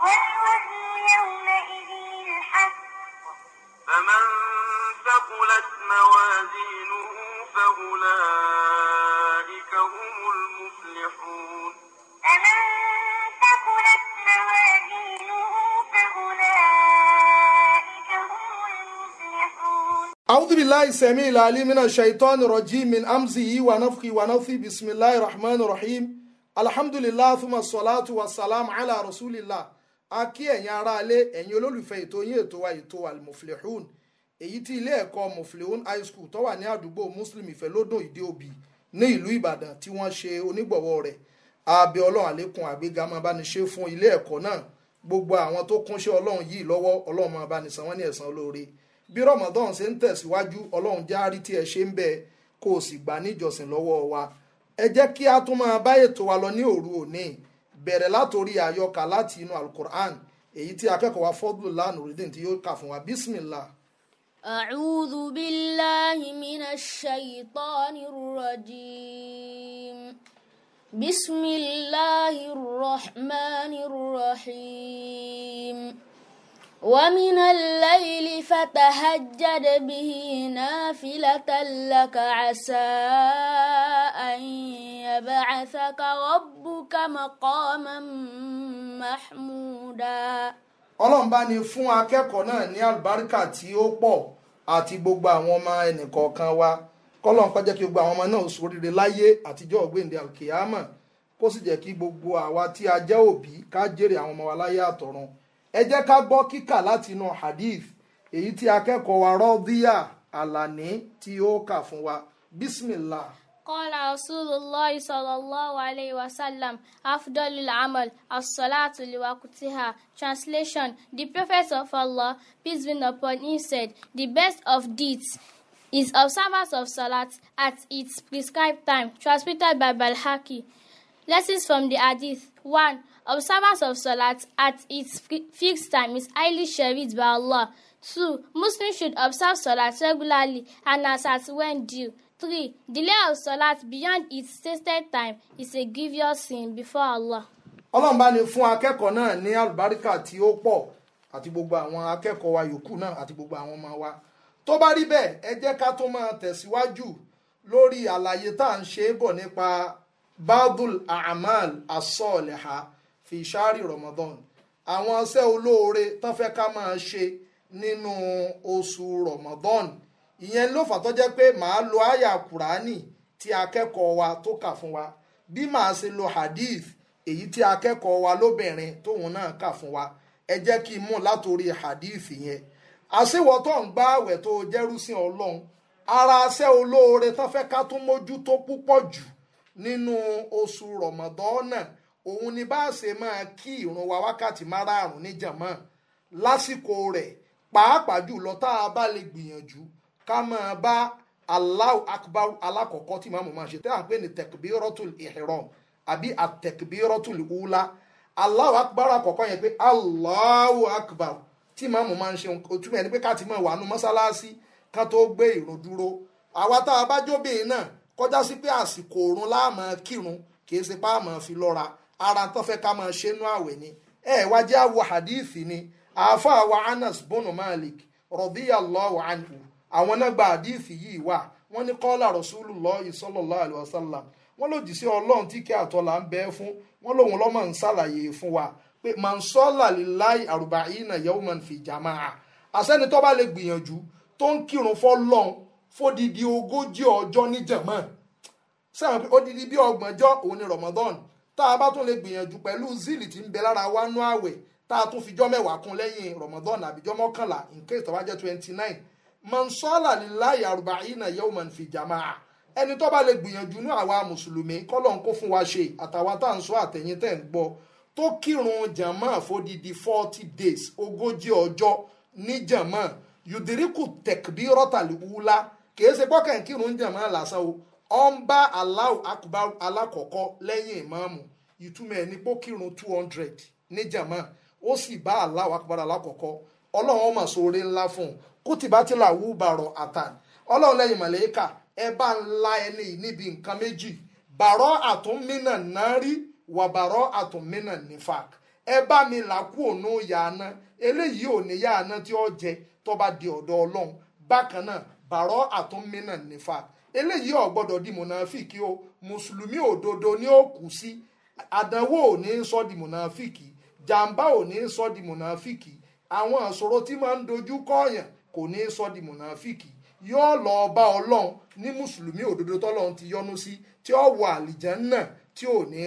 الحق يومئذ الحق فمن ثقلت موازينه فأولئك هم المفلحون فمن ثقلت موازينه فأولئك هم المفلحون أعوذ بالله السميع العليم من الشيطان الرجيم من أمزه ونفخه ونفثه بسم الله الرحمن الرحيم alhamdulillah thumma salatu wa salam ala rasulillah a kí ẹ̀yin aráalé ẹ̀yin olólùfẹ́ ètò yín ètò wa ètò almuflihun èyí tí ilé ẹ̀kọ́ muflihun high school tó wà ní àdúgbò muslim ìfẹ́lódùn ìdí òbí ní ìlú ìbàdàn tí wọ́n ṣe onígbọ̀wọ́ rẹ̀ abẹ́ ọlọ́run àlékún àgbéga máa bá ní ṣe fún ilé ẹ̀kọ́ náà gbogbo àwọn tó kúnṣẹ́ ọlọ́run yìí lọ́wọ́ ọlọ́run máa bá ní wọ́n ní ẹ̀san olóore bí ramadan ṣe ń tẹ̀síwájú ọlọ́run járí tí ẹ ṣe ń bẹ kó o sì gbà níjọsìn lọ́wọ́ wa ẹ jẹ́ kí a tún máa bá ètò wa lọ ní òru òní bẹ̀rẹ̀ látòrí àyọkà láti inú alukur'an èyí tí akẹ́kọ̀ọ́ wa Fadlullah Nuruddeen tí yóò kà fún wa bismillah. أعوذ بالله من الشيطان الرجيم بسم الله الرحمن الرحيم ومن الليل فتهجد به نافلة لك عسى أن يبعثك ربك مقاما محمودا ọlọ́run bá ní fún akẹ́kọ̀ọ́ náà ní àlùbáríkà tí ó pọ̀ àti gbogbo àwọn ọmọ ẹnìkọ̀ọ̀kan wa kọ́lọ́n kọ́ jẹ́ kí gbogbo àwọn ọmọ náà ṣoríire láyé àtijọ́ ọ̀gbẹ́ǹde alkiyama kó sì jẹ́ kí gbogbo àwa tí a jẹ́ òbí ká jèrè àwọn ọmọ wa láyé àtọ̀run ẹ jẹ́ ká gbọ́ kíkà látinú hadith èyí tí akẹ́kọ̀ọ́ wa rọ́díyà àlàní tí ó kà fún wa bismillah. قال رسول الله صلى الله عليه wasallam أفضل العمل الصلاة لوقتها Translation The Prophet of Allah, peace be upon him, said, The best of deeds is observance of Salat at its prescribed time, transmitted by Balhaki. Lessons from the Hadith 1. Observance of Salat at its fixed time is highly cherished by Allah. 2. Muslims should observe Salat regularly and as at when due. 3. Delay of Salat beyond its stated time is a grievous sin before Allah. Ọlọ́run fún akẹ́kọ̀ọ́ náà ní àlùbáríkà tí ó pọ̀ àti gbogbo àwọn akẹ́kọ̀ọ́ wa yòókù náà àti gbogbo àwọn ọmọ wa. Tó bá rí bẹ́ẹ̀, ẹ jẹ́ ká tó máa tẹ̀síwájú lórí àlàyé tá à ń ṣe é bọ̀ nípa badul amal asọ́ọ̀lẹ̀ha fi ṣáàrì ramadan àwọn iṣẹ́ olóore tán fẹ́ ká máa ṣe nínú oṣù ramadan ìyẹn ló fà tó jẹ́ pé màá lo àyà kùránì tí akẹ́kọ̀ọ́ wa tó kà fún wa bí màá ṣe lo hadith èyí tí akẹ́kọ̀ọ́ wa lóbìnrin tóun náà kà fún wa ẹ jẹ́ kí n mú látòrí hadith yẹn àṣewọ̀ tó ń gba àwẹ̀ tó jẹ́rú sí ọlọ́run ara iṣẹ́ olóore tán fẹ́ ká tún mójútó púpọ̀ jù nínú oṣù rọ̀mọ̀dọ́nà òun ni bá a ṣe máa kí ìrun wa wákàtí márààrún níjàmọ́ lásìkò rẹ̀ pàápàá jùlọ tá a bá lè gbìyànjú ká máa bá Allahu akbar alákọ̀ọ́kọ́ tí màmú máa ṣe tẹ́ à ń pè ní tekbiratul ihram àbí àtẹkbiratul ula Allahu akbar àkọ́kọ́ yẹn pé Allahu akbar tí màmú máa ń ṣe òtúmọ̀ ẹni pé ká máa wà nù mọ́sálásí ká tó gbé ìrun dúró àwa tá a bá jóbìn náà kọjá sí pé àsìkò òrun láàmọ́ kírun kì í ṣe pé àmọ́ fi lọ́ra ara tó fẹ́ ká máa ṣe nú àwẹ̀ ni ẹ wá jẹ́ àwọ hadith ni àáfàá wa Anas bonu Malik radiyallahu anhu àwọn náà gba hadith yìí wà wọ́n ní kọ́lá Rasulullahi sallallahu alaihi wasallam wọ́n lòdì sí ọlọ́run tí kí àtọ́là ń bẹ fún wọ́n lòun lọ́mọ ń ṣàlàyé fún wa pé mansola lilai aruba'ina yawman fi jama'a àṣẹ́ni tó bá lè gbìyànjú tó ń kírun fọ́lọ́run fódìdí ogójì ọjọ́ níjànmọ́ sẹ́wọ̀n pé odidi bí ọgbọ̀njọ́ òun ni Ramadan tá a bá tún lè gbìyànjú pẹ̀lú zili tí ń bẹ lára wa nú àwẹ̀ tá a tún fi jọ́ mẹ́wàá kún lẹ́yìn Ramadan àbíjọ́ mọ́kànlá nǹkan ìtọ́wá jẹ́ twenty nine Mansala lilayi arba'ina yawman fi jamaa ẹni tó bá lè gbìyànjú ní àwa mùsùlùmí kọ́lọ̀ ń kó fún wa ṣe àtàwa tá à ń sọ àtẹ̀yìn tẹ̀ ń gbọ́ tó kírun jàmọ́ fódìdí forty days ogójì ọjọ́ ní jàmọ́ yùdíríkù tẹ̀kbírọ́tàlúwúlá kì í ṣe pọ́kàn kírun jàmá lásán o ọ ń bá aláwọ̀ akùbá alákọ̀ọ́kọ́ lẹ́yìn ìmáàmù ìtumọ̀ ẹ̀ ní pó kírun two hundred ní ó sì bá aláwọ̀ akùbá alákọ̀ọ́kọ́ ọlọ́run ọmọ sóore ńlá fún un tí là wú bàrọ̀ àtà ọlọ́run lẹ́yìn ẹ bá ń la ẹni níbi nǹkan méjì bàrọ̀ àtúnmínà náà rí wà bàrọ̀ àtúnmínà ẹ bá mi là kú òun bàrọ àtúnmínà nífà eléyìí ọgbọdọ di mùnàfíìkì o mùsùlùmí òdodo ni ó kù sí àdánwò ò ní sọ di mùnàfíìkì jàǹbá ò ní sọ di mùnàfíìkì àwọn àṣòro tí máa ń dojú kọyàn kò ní sọ di mùnàfíìkì yóò lọ bá ọlọ́run ní mùsùlùmí òdodo ti yọnu sí tí ó wọ àlìjánná tí ò ní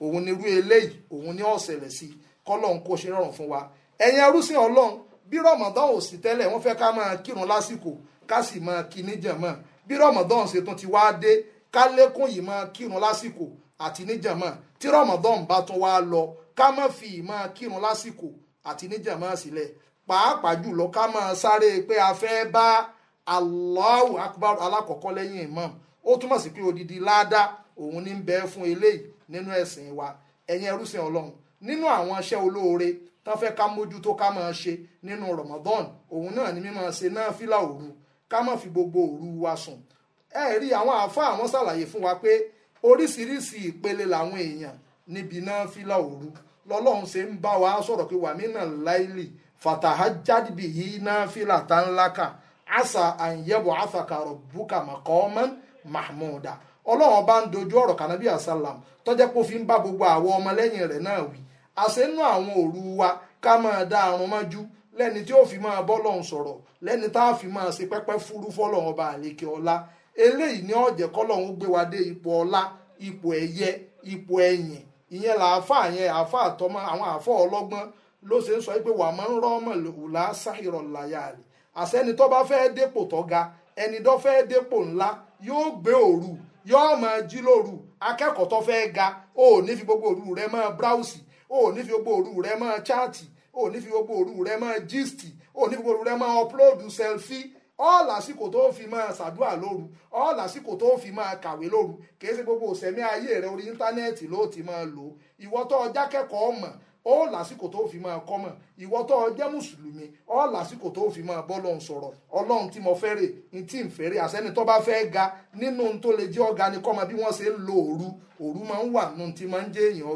ni irú eléyìí òun ni ó ṣẹlẹ̀ sí kó ṣe rọrùn fún wa ẹ̀yin arúsìn ọlọ́run bí rọmọdán ò sí tẹ́lẹ̀ wọ́n fẹ́ ká máa kírun lásìkò ká sì máa kí níjànmọ́ bí rọmọdán ṣe tún ti wá dé ká lékún yìí máa kírun lásìkò àti níjànmọ́ tí rọmọdán bá tún wá lọ ká má fi yìí máa kírun lásìkò àti níjànmọ́ sílẹ̀ pàápàá jùlọ ká máa sáré pé a fẹ́ bá Allahu akbar alákọ̀ọ́kọ́ lẹ́yìn imam ó túmọ̀ sí pé odidi ládàá òun ní ń bẹ fún eléyìí nínú ẹ̀sìn wa ẹ̀yin ẹrúsìn ọlọ́run nínú àwọn iṣẹ́ olóore tá fẹ́ ká mójútó ká máa ṣe nínú Ramadan òun náà ni mímọ̀ ṣe náfìlà òru ká ma fi gbogbo òru wa sùn ẹ rí àwọn àáfàá àwọn ṣàlàyé fún wa pé oríṣiríṣi ìpele làwọn èèyàn níbi náfìlà òru lọ́lọ́run ṣe ń bá wa sọ̀rọ̀ pé wàmí náà láìlì fàtàhà jádìbì yìí náfìlà tá ńlá kà àṣà àyẹ̀wò àfàkàrọ̀ bùkà màkọ́mọ́ mahmuda ọlọ́run bá ń dojú ọ̀rọ̀ tọ́jẹ́ pé ó fi ń bá gbogbo àwọn ọmọlẹ́yìn rẹ̀ náà wí àṣẹ́nú àwọn oru wa ka máa dá àrùn mọ́jú lẹ́ni tí o fi ma bọ́ lọ́hùn sọ̀rọ̀ lẹ́ni fi máa ṣe pẹ́pẹ́ fúrú fọ́lọ́hùn ọba aleke ọlá eleyi ni ọ̀jẹ̀ kọ́lọ́hùn gbé wa dé ipò ọlá ipò ẹ̀yẹ ipò ẹ̀yìn ìyẹn làáfàá yẹn àáfàá awọn afọ ọlọgbọn ọlọ́gbọ́n ló sọ wa ga òru ga gbogbo o ò ní fi gbogbo òru rẹ máa chaati o ò ní fi gbogbo òru rẹ máa gist o ní fi gbogbo òru rẹ máa upload selfie ọ lásìkò tó fi máa ṣàdúrà lóru ọ lásìkò tó fi máa kàwé lóru kìí ṣe gbogbo òsẹ̀mí ayé rẹ orí íńtánẹ́ẹ̀tì ló ti máa lò ìwọ tó ọjà kẹ́kọ̀ọ́ mọ̀ ọ lásìkò tó fi máa kọ́ mọ̀ ìwọ tó ọjà mùsùlùmí ọ lásìkò tó fi máa bọ́ lọ́n sọ̀rọ̀ ọlọ́run tí mo fẹ́rẹ̀ ní tí ń fẹ́rẹ̀ àsẹ́ni tó bá fẹ́ ga nínú tó lè jẹ́ ọ̀gá ni kọ́ mọ bí wọ́n ṣe ń lo òru òru máa ń wà nínú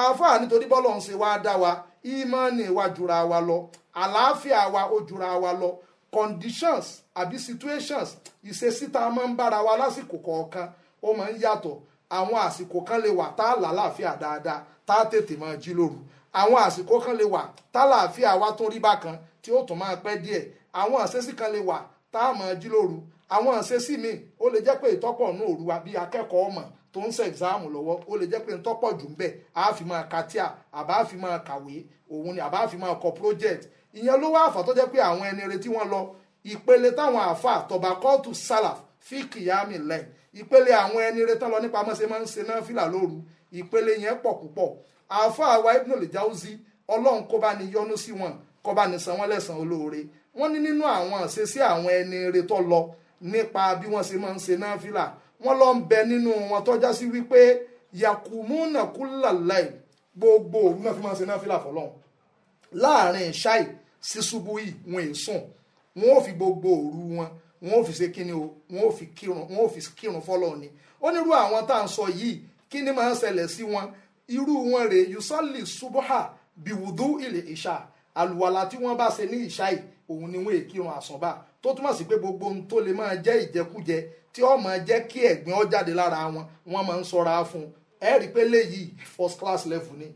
àáfàá nítorí bọ́lọ̀ ń ṣe wá dá wa ìmọ̀ọ́nì wa jura wa lọ àlàáfíà wa ó jura wa lọ conditions àbí situations ìṣesí tá a máa ń bára wa lásìkò kọ̀ọ̀kan ó máa ń yàtọ̀ àwọn àsìkò kan lè wà tá a làlàáfíà dáadáa tá a tètè máa jí lóru àwọn àsìkò kan lè wà tá a làáfíà wa tún rí bákan tí ó tún máa pẹ́ díẹ̀ àwọn àṣesí kan lè wà tá a máa jí lóru àwọn àṣesí míì ó lè jẹ́ pé ìtọ́pọ̀ náà òru wa bí akẹ́kọ̀ọ́ mọ̀ tó ń ṣe ẹ̀gzáàmù lọ́wọ́ ó lè jẹ́ pé n tọ́pọ̀ jù ń bẹ̀ á fi máa ka tíà àbá fi máa kàwé òun ni àbá fi máa kọ project ìyẹn ló wá àfà tó jẹ́ pé àwọn ẹni rere tí wọ́n lọ ìpele táwọn àfà tọba kóòtù sálàf fi kìyàmì lẹ̀ ìpele àwọn ẹni rere tán lọ nípa mọ́sẹ̀ máa ń ṣe náà fìlà lóru ìpele yẹn pọ̀ púpọ̀ àfà àwa Ibnul Jawzi ọlọ́run kó bá ní yọ́nú sí wọn kó bá ní san wọ́n olóore wọ́n ní nínú àwọn àṣeṣe àwọn ẹni rere lọ nípa bí wọ́n ṣe máa ń ṣe náà fìlà wọ́n lọ ń bẹ nínú wọn tọ́já sí wípé yakumuna kulalai gbogbo òru náà fi máa ń ṣe náà fìlà fọlọ́n láàrin ṣáì sí ṣubú yìí wọn è sùn wọn ò fi gbogbo òru wọn wọn ò fi ṣe kíni o wọn ò fi kírun wọn ò fi kírun fọlọ́ ni onírú àwọn tá à ń sọ yìí kíni máa ń ṣẹlẹ̀ sí wọn irú wọn rèé yusọ́lì subuha biwudu ilẹ̀ ìṣà àlùwàlà tí wọ́n bá ṣe ní ìṣá yìí òun ni wọ́n èkìrun àsánbà tó túmọ̀ sí pé gbogbo ohun tó lè máa jẹ́ ìjẹkújẹ tí ó máa jẹ́ kí ẹ̀gbin ó jáde lára wọn wọ́n máa ń sọ́ra fún un ẹ rí i pé léyìí first class level ni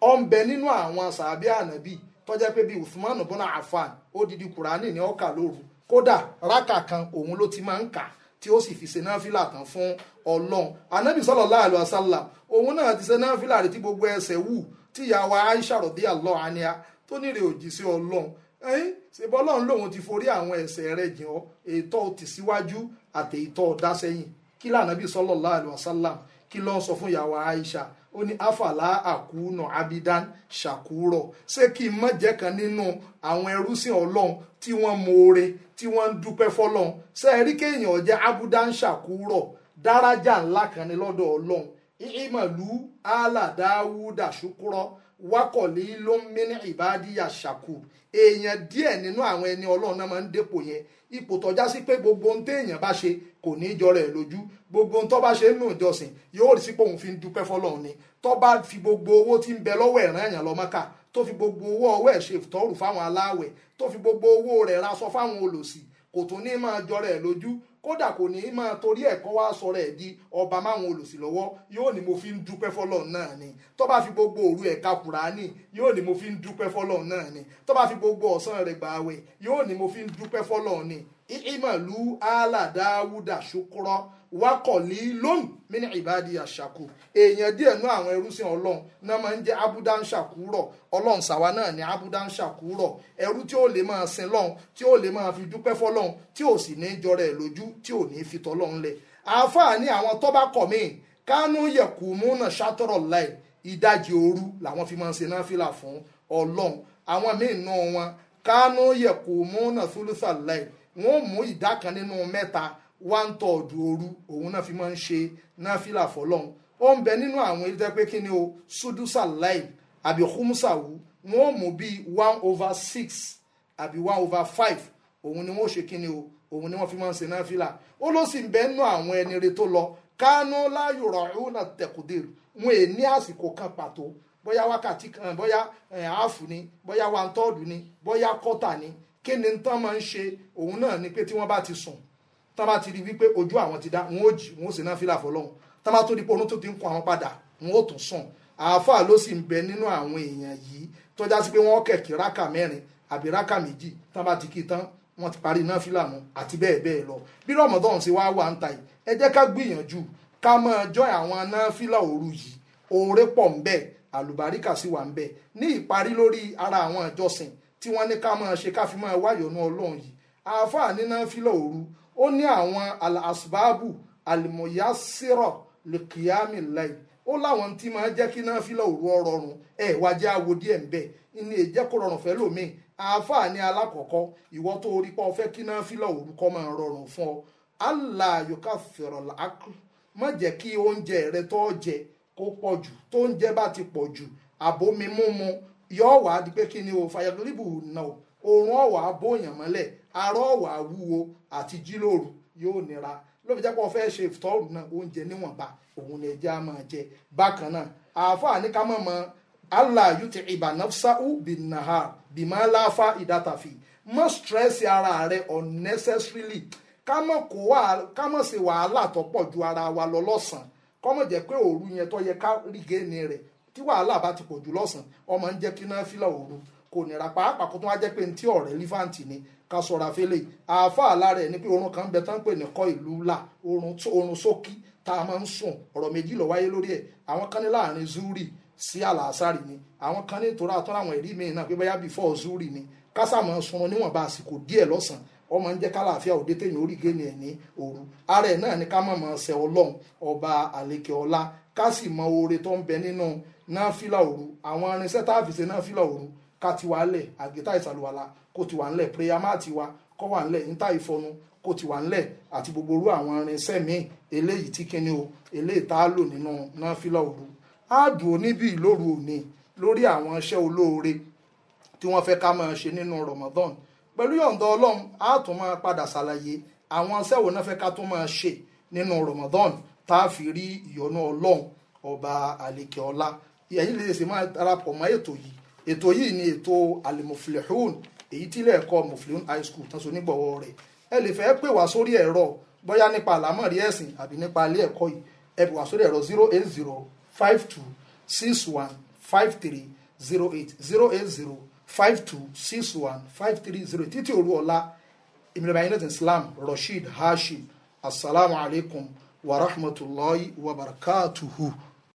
ó ń bẹ nínú àwọn sàbí ànábì tó jẹ́ pé bíi Uthman bọ́nà Affan odidi Kùránì ni ó kà lóru kódà rákà kan òun ló ti máa ń kà tí ó sì fi ṣe náfìlà tán fún Ọlọ́run ànábì sallallahu alaihi wasallam òun náà ti ṣe náfìlà rẹ̀ tí gbogbo ẹsẹ̀ wù tí ìyá wa Aisha radiyallahu anha tó nírè òjì sí Ọlọ́run ṣebí ọlọ́run lòun ti forí àwọn ẹ̀ṣẹ̀ rẹ̀ jìn ọ́ ètò ti síwájú àti ètò ọ̀dá sẹ́yìn kí lànàbí sallallahu alaihi wasallam kí ló ń sọ fún ìyàwó Aisha ó ní àfàlà àkúnà abidan ṣàkúrọ̀ ṣé kí n má jẹ́ kan nínú àwọn ẹrúsìn ọlọ́run tí wọ́n moore tí wọ́n ń dúpẹ́ fọlọ́run ṣé ẹ rí kéèyàn jẹ́ abudan ṣàkúrọ̀ dárájà ńlá kan ní lọ́dọ̀ ọlọ́run ìmọ̀lú àlàdáwúdà ṣùkúrọ̀ wákọ̀lì ló ń mí ní ìbádìyà ṣàkù èèyàn díẹ̀ nínú àwọn ẹni ọlọ́run náà máa ń dépò yẹn ipò tọ́já sí pé gbogbo ohun téèyàn bá ṣe kò ní í jọrọ ẹ̀ lójú gbogbo ohun tó bá ṣe nínú ìjọsìn yóò rí sí pé òun fi ń dúpẹ́ fọlọ́run ni tó bá fi gbogbo owó tí ń bẹ lọ́wọ́ ẹ̀ràn èèyàn lọ Mákà tó fi gbogbo owó ọwọ́ ẹ̀ ṣe ìtọ́rù fáwọn aláwẹ̀ tó fi gbogbo owó rẹ̀ raṣọ fáwọn olòṣì kò tún ní máa jọrọ ẹ̀ lójú kódà kò ní í máa torí ẹ̀kọ́ wá sọ̀rọ̀ ẹ̀ di ọba máwọn olùsìlọ́wọ́ yóò ní mo fi ń dúpẹ́ fọ́lọ̀ náà ni tó bá fi gbogbo òru ẹ̀ka kùránì yóò ní mo fi ń dúpẹ́ fọ́lọ̀ náà ni tó bá fi gbogbo ọ̀sán rẹ̀ gbààwẹ̀ yóò ní mo fi ń dúpẹ́ fọ́lọ̀ ni ìmọ̀lú aládàáwúdà ṣùkúrọ̀ wákọ̀lí lónìí mini ìbádìí àṣàkù èèyàn díẹ̀ nú àwọn ẹrúsìn ọlọ́run náà máa ń jẹ́ abúdá ń ṣàkúrọ̀ ọlọ́run ṣàwa náà ní abúdá ń ṣàkúrọ̀ ẹrú tí ó lè máa sin lọ́run tí ó lè máa fi dúpẹ́ fọ́lọ́run tí ò sì ní jọrẹ̀ lójú tí ò ní fi tọ́lọ́run lẹ̀ àáfàá ní àwọn tó bá kọ̀ míì kánú yẹ̀kù múnà ṣàtọ̀rọ̀ láì ìdajì òru làwọn fi máa ń ṣe náfìlà fún ọlọ́run àwọn míì nù wọn kánú yẹ̀kù múnà fúlùsà láì wọ́n mú ìdá kan nínú mẹ́ta one third òru òun náà fi máa ń ṣe náfìlà fọlọ́run ó ń bẹ nínú àwọn ilé pé kí ni o sudusa láì àbí kúmùsàwù wọ́n mú bíi one over six àbí one over five òun ni wọ́n ṣe kí ni o òun ni wọ́n fi máa ń ṣe náfìlà ó ló sì ń bẹ́ẹ̀ nú àwọn ẹni tó lọ kánú láyò rọ̀ọ́nà tẹ̀kùdìr wọn è ní àsìkò kan pàtó bóyá wákàtí kan bóyá àáfù eh, ni bóyá wàntọ́ọ̀dù ni bóyá kọ́tà ni kí ni tán máa ń ṣe òun náà ni pé tí wọ́n bá ti sùn tán bá ti rí wípé ojú àwọn ti dá wọn ó jì wọn ó sì náfìlà fọlọ́hún tán bá tó di pé oorun tó ti ń kọ àwọn padà wọn ó tún sùn àáfà ló sì ń bẹ nínú àwọn èèyàn yìí tọ́já sí pé wọ́n kẹ̀kí rákà mẹ́rin àbí rákà méjì tán bá ti kí tán wọ́n ti parí náfìlà mu àti bẹ́ẹ̀ bẹ́ẹ̀ lọ bí rọmọdọ́n ṣe wá wà ń ta yìí ẹ jẹ́ ká gbìyànjú ká máa join àwọn náfìlà òru yìí oore pọ̀ ń bẹ àlùbáríkà sì wà ń bẹ ní ìparí lórí ara àwọn ìjọsìn tí wọ́n ní ká máa ṣe ká fi máa wáyọ̀nù ọlọ́run yìí àáfàá ní náfìlà òru ó ní àwọn àsùbáàbù àlùmọ̀yásírọ̀ lè ó láwọn tí máa jẹ́ kí náà fílà òru ọ̀rọ̀ rùn ẹ̀ wá jẹ́ àwo díẹ̀ ń bẹ̀ ní èjẹ́ kó rọrùn fẹ́ lómi àáfàá ní alákọ̀ọ́kọ́ ìwọ tó rí pa ọfẹ́ kí náà fílà òru kọ́ máa rọrùn fún ọ allah yòókà fẹ̀rọ̀ làákù má jẹ́ kí oúnjẹ rẹ tó jẹ kó pọ̀ jù tó ń jẹ bá ti pọ̀ jù àbomi múmu yóò wá pé kí ni o fàyàgbélébù náà oorun ọ̀wà bóyàn mọ́lẹ̀ arọ́ ọ̀wà wúwo àti jílòrù yóò nira ló fi jẹ́ pé fẹ́ ṣe ìfọ́rù náà oúnjẹ níwọ̀nba òun ni ẹja máa jẹ bákan náà àáfàá ní ká mọ̀ mọ́ allah yuti ibanafsa'u bin nahar bimalafa idatafi mọ́ stress ara rẹ̀ unnecessarily ká mọ̀ ṣe wàhálà tó pọ̀ ju ara wa lọ lọ́sàn-án kọ́mọ̀ jẹ́ pé òru yẹn tó yẹ ká rí géènì rẹ̀ tí wàhálà bá ti pọ̀ jù lọ́sàn ọmọ ń jẹ́ kí náà fílà òru kò nira pàápàá kó tó wá jẹ́ pé ní ọ̀rẹ́ lífàǹtì ni ká sọ̀rọ̀ àfẹ́lẹ́ àáfà alára ẹ̀ ni pé oorun kan bẹ tán pè ní kọ́ ìlú là oorun sókí tá a máa ń sùn ọ̀rọ̀ méjì ló wáyé lórí ẹ̀ àwọn kan ní láàrin zuri sí àlàásárì ni àwọn kan ní ìtura àtọ́ làwọn ẹ̀rí mi náà pé bóyá before zuri ni kásàmọ́ sunrun níwọ̀nba àsìkò díẹ̀ lọ́sàn ọmọ ń jẹ́ kálàáfíà òde téèyàn orí géèmì ẹ̀ ní òru ara ẹ̀ náà ni ká mọ̀ mọ̀ ṣe ọlọ́run ọba àlekè ọlá ká sì mọ oore tó ń bẹ nínú náfìlà òru àwọn irinṣẹ́ tá a fi ṣe náfìlà òru ká ti wà á lẹ̀ àgẹ́tà ìsàlùwàlà kó ti wà á lẹ̀ prayer mat wa kọ́ wà á lẹ̀ níta ìfọnu kó ti wà ńlẹ̀ àti gbogbo orú àwọn irinṣẹ́ míì eléyìí tí kíni o eléyìí tá a lò nínú náfìlà òru á dùn oníbì lóru òní lórí àwọn iṣẹ́ olóore tí wọ́n fẹ́ ká máa ṣe nínú Ramadan pẹ̀lú yọ̀ǹda Ọlọ́run á tún máa padà ṣàlàyé àwọn iṣẹ́ wo náà fẹ́ ká tún máa ṣe nínú Ramadan tá a fi rí ìyọ́nú Ọlọ́run ọba àlekè ọlá ẹ̀yin lè ṣe máa darapọ̀ mọ́ ètò yìí ètò yìí ni ètò alimuflehun èyí tí ilé ẹ̀kọ́ muflehun high school tán so nígbọ̀wọ́ rẹ̀ ẹ lè fẹ́ pè wá sórí ẹ̀rọ bóyá nípa àlámọ̀rí ẹ̀sìn àbí nípa ilé ẹ̀kọ́ yìí ẹ pè wá sórí ẹ̀rọ zero eight zero five two six one five three zero eight zero eight zero five two six one five three zero eight títí òru ìmìlẹ̀bà yìí lẹ́sìn Islam Rasheed Hashim asalaamualeykum wa rahmatulahi wa barakatuhu.